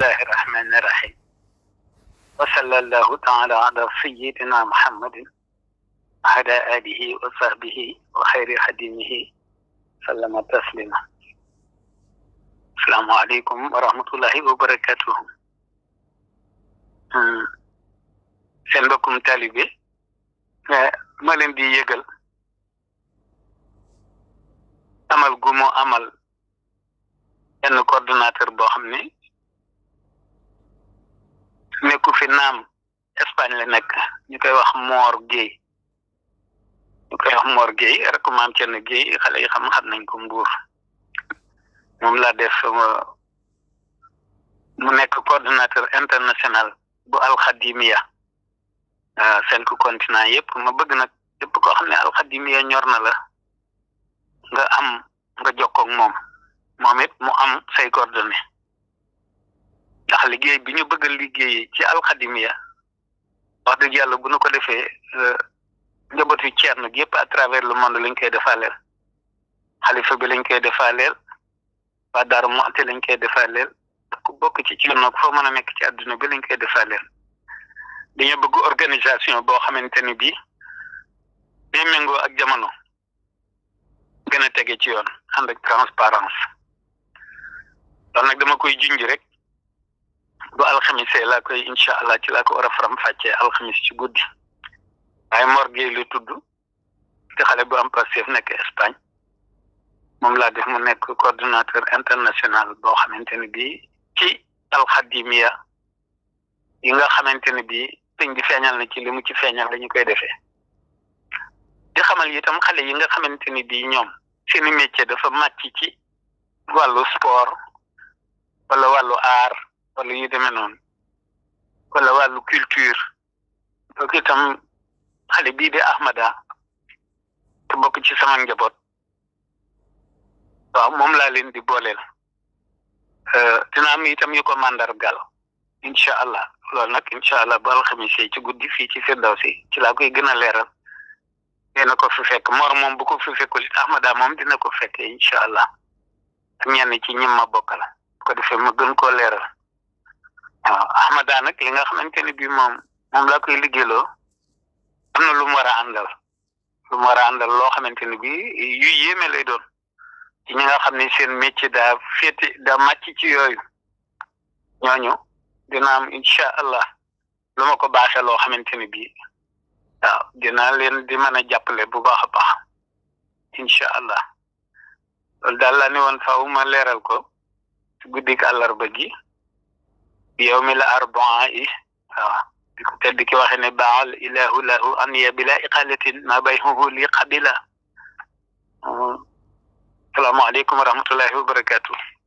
الله الرحمن الرحيم وصلى الله تعالى على سيدنا محمد وعلى آله وصحبه وخير خدمه سلم تسليما السلام عليكم ورحمة الله وبركاته أمم، seen mbokkum ما eh, ma leen di yëgal amal gu mu amal benn naam Espagne la nekk ñu koy wax moor Gueye ñu koy wax Mor Gueye rek maam Thierno Gueye xale yi xam xam nañ ko Mbour moom laa def euh, mu nekk coordinateur international bu alxadimiya euh, cinq continent yëpp ma bëgg nag yëpp koo xam ne alxadimiya ñor na la nga am nga jokkoog moom moom it mu am say coordonnées ndax liggéey bi ñu bëgg liggéey ci alxadimiya wax dëgg yàlla bu ñu ko defee euh, njabootu Ceerno gi yëpp à travers le monde lañ koy defaaleel xalifa bi lañ koy defaaleel waa Daaru Muxti lañ koy defaaleel ku bokk ci Ceerno ku fa mën a nekk ci àdduna bi lañ koy defaaleel dañoo bëgg organisation boo xamante ni bii day ak jamono gën a tege ci yoon ànd ak transparence loolu nag dama koy junj rek alxamise la koy insha allah ci la ko ora fram faram fàccee alxamis ci guddi ay morgue lu tuddu te xale bu am passif nek Espagne mom la def mu nek coordinateur international bo xamanteni bi ci al khadimia yi nga xamanteni bi señ di feñal na ci limu ci feñal la koy defé di xamal itam xale yi nga xamanteni bi ñom seen métier dafa matti ci walu sport wala walu art wala yi demee noonu wala wàllu culture donc itam xale bii de Ahmada te bokk ci sama njaboot waaw moom laa leen di booleel euh, dina am itam yu ko màndargal incha allah loolu nag incha allah ba alxamis ci guddi fii ci si ci laa koy gën a leeral dina ko fi fekk Mor moom bu ko fi fekkul it Ahmada moom dina ko fekkee incha allah ak ñenn ci ñim ma bokkal bu ko defee ma gën koo leeral. waaw Ahmada nag li nga xamante ne bii moom moom laa koy liggéeyloo am na lu mu war a àndal lu mu war a àndal loo xamante ne bii yu yéeme lay doon ci ñi nga xam ne seen métier daa féete daa màcc ci yooyu ñooñu dina am incha allah lu ma ko baaxee loo xamante ne bii waaw leen di mën a jàppale bu baax a baax incha allah loolu daal laa ne woon faaw ma leeral ko ci guddik àllarba gi. يوم الأربعاء كتبك وخن بعل إله له أن يبلا إقالة ما بينه لي قبله آه، السلام عليكم ورحمة الله وبركاته